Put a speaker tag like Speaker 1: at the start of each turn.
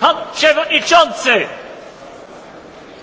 Speaker 1: Pan Przewodniczący!